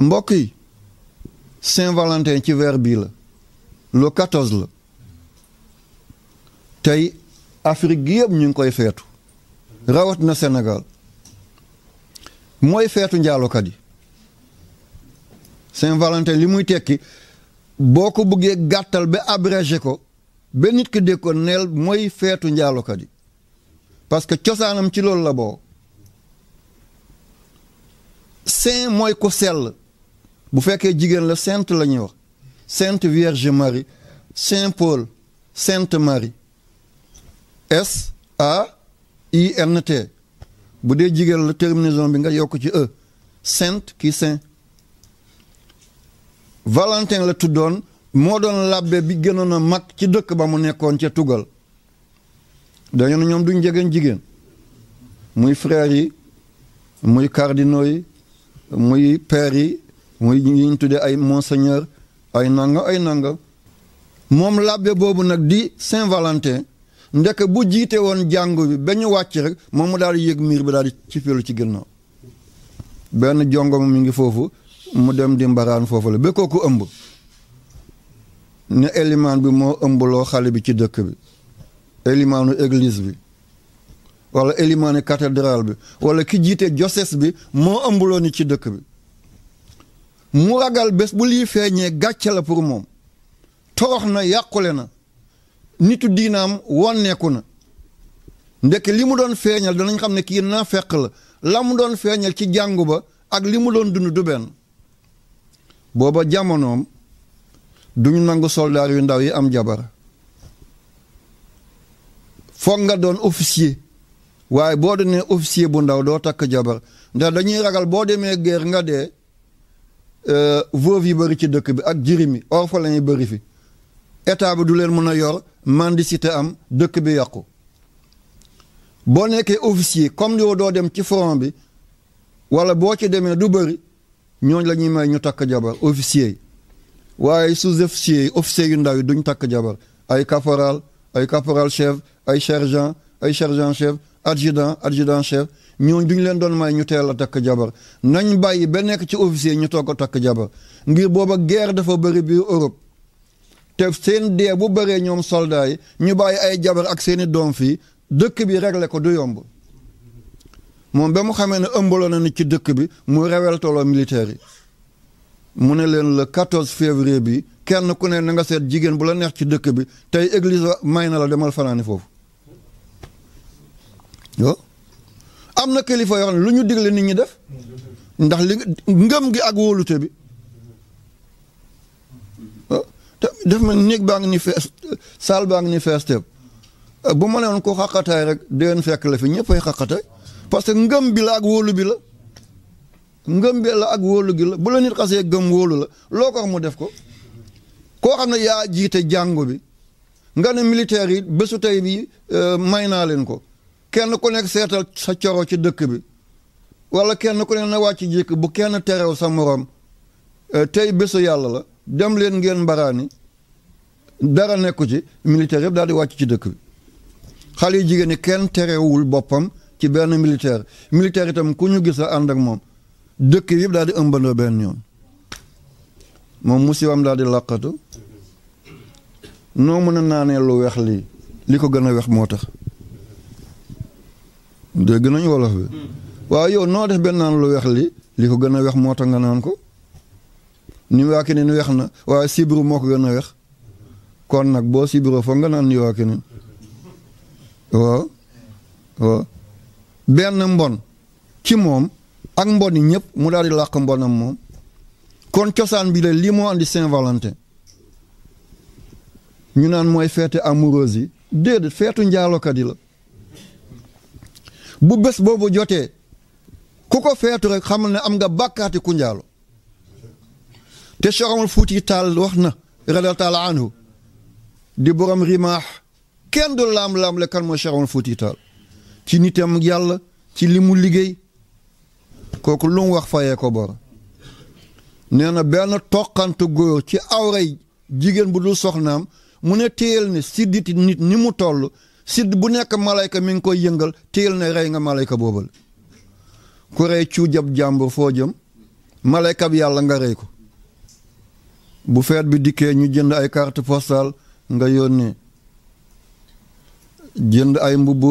mbokk yi Saint-Valentin ci weer bii la le la tey Afrique gi yëpp ñu ngi koy feetu rawat na Sénégal mooy feetu njaalokat yi Saint-Valentin li muy tekki boo ko bëggee gàttal ba abrégé ko ba nit ki dégg neel mooy feetu njaalokat yi parce que cosaanam ci loolu la boo saint mooy ko sell bu fekkee jigéen la sainte la ñuy wax sainte Vierge Marie Saint Paul sainte Marie S A I bu dee jigéen la terminaison bi nga yokk ci e sainte kii Valentin la tuddoon moo doon labbe bi gënoon a mag ci dëkk ba mu nekkoon ca tugal dañu ne ñoom du jegeen jigéen muy frères muy cardinaux muy pères yi muy yi ñu tuddee ay monseigneur ay nanga ay nangam moom labbe boobu nag di Saint-Valentin ndek bu jiite woon jàngu bi ba wàcc rek moom mu daal di yëg miir bi daal di ci félu ci ginnaaw benn jongoma mi ngi foofu mu dem di foofu la ba kooku ëmb ne élimaan bi moo ëmbuloo xale bi ci dëkk bi élimaanu église bi wala élimaanu cathédrale bi wala ki jiite diocèse bi moo ëmbloo ci dëkk bi mu ragal bés bu lii feeñee gàcce la pour moom torox na yàqule na nitu diinaam woneeku na ndekk li mu doon feeñal danañ xam ne kii naa feq la la mu doon feeñal ci jàngu ba ak li mu doon dund du benn booba jamonoom duñu nangu soldaar yu ndaw yi am jabar foog nga doon officier waaye boo doonee officier bu ndaw doo takk jabar ndax dañuy ragal boo demee guerre nga dee Euh, veuve yi bëri ci dëkk bi ak jirim yi orphelin yi bëri fi état bi du leen mën a yor mendicité am dëkk bi yàqu boo nekkee officier comme yow doo dem ci front bi wala boo ci demee du bëri ñooñ la ñuy may ñu takk jabar officier yi waaye sous-officier yi officier yu ndaw yi duñ takk jabar ay caporal ay caporal chef ay sergent ay sergent chef adjudant adjudant chef ñooñu duñu leen doon may ñu teel a takk jabar nañ bàyyi ba nekk ci officier ñu toog a takk jabar ngir booba geer dafa bari biir Europe te seen dee bu bëree ñoom soldats ñu bàyyi ay jabar ak seeni doom fii dëkk bi réglé ko du yomb moom ba mu xamee ne ëmbaloo na nit ci dëkk bi mu rewel tooloo militaire yi mu ne leen la 14 février bi kenn ku ne na nga seet jigéen bu la neex ci dëkk bi tey église may na la demal fanaani foofu waaw am na kilifa yoo xam ne lu ñu digle nit ñi def ndax li ngëm gi ak wóolute bi te def ma néeg baa ngi ni fees saal baa ngi ni fees teeb bu ma newoon ko xaqataay rek déwén fekk la fi ñëppay xaqataay parce que ngëm bi la ak wóolu bi la ngëm bi la ak wóolu gi la bu la nit xasee gëm wóolu la loo ko wax def ko koo xam ne yaa jiite jàngu bi nga ne militaire yi bésu tey bi euh, may naa leen ko kenn ku nekk seetal sa coro ci dëkk bi wala kenn ku nekk na wàcc jékk bu kenn terew sa moroom euh, tey bésu yàlla la dem leen ngeen mbaraani dara nekku ci militaire yëpp daal di wàcc ci dëkk bi xale yu jigéen ñi kenn terewul boppam ci benn militaire militaire itam ku ñu gis a ànd moom dëkk bi yëpp daal di ëmbandoo benn yoon moom musiwam daal di làqatu noo mën a naanee lu weex lii li ko gën a weex moo tax dégg nañu wolof bi hmm. waaw yow noo def benn naan lu weex li li ko gën a weex moo tax nga naan ko ni waa keneen weex na waaye sibiru moo ko gën a weex kon nag boo sibiru foog nga naan ni waa keneen waaw waaw benn mbon ci moom ak mbon yi ñëpp mu daal di làq mbonam moom kon cosaan bi la lii moo andi Saint-Valentin ñu naan mooy feete amoureuse yi déedéet feetu njaalokat yi la bu bés boobu jotee ku ko feetu rek xamal ne am nga bàkkaati kunjaalo te Cheikh Omar Fuuti Taal wax na radiyallaahu taala di borom rimaax kenn du laam-laam le kan mooy Cheikh Omar Fuuti Taal ci nitam yàlla ci li mu liggéey kooku lu wax fayee ko bor nee na benn toqantu góor ci awray jigéen bu dul soxnaam mu ne téyel ne sidditi nit ni mu toll sidd bu nekk malayka mi ngi koy yëngal téyel ne rey nga malayka boobal ku rey cuujab jàmbur foo jëm malayka bi yàlla nga rey ko bu feet bi dikkee ñu jënd ay carte postale nga yónnee jënd ay mbubb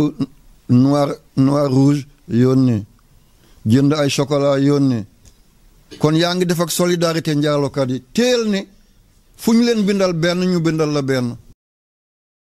noir noir rouge yónnee jënd ay chocolat yónnee kon yaa ngi def ak solidarité njaalokat yi téyel ne fu ñu leen bindal benn ñu bindal la benn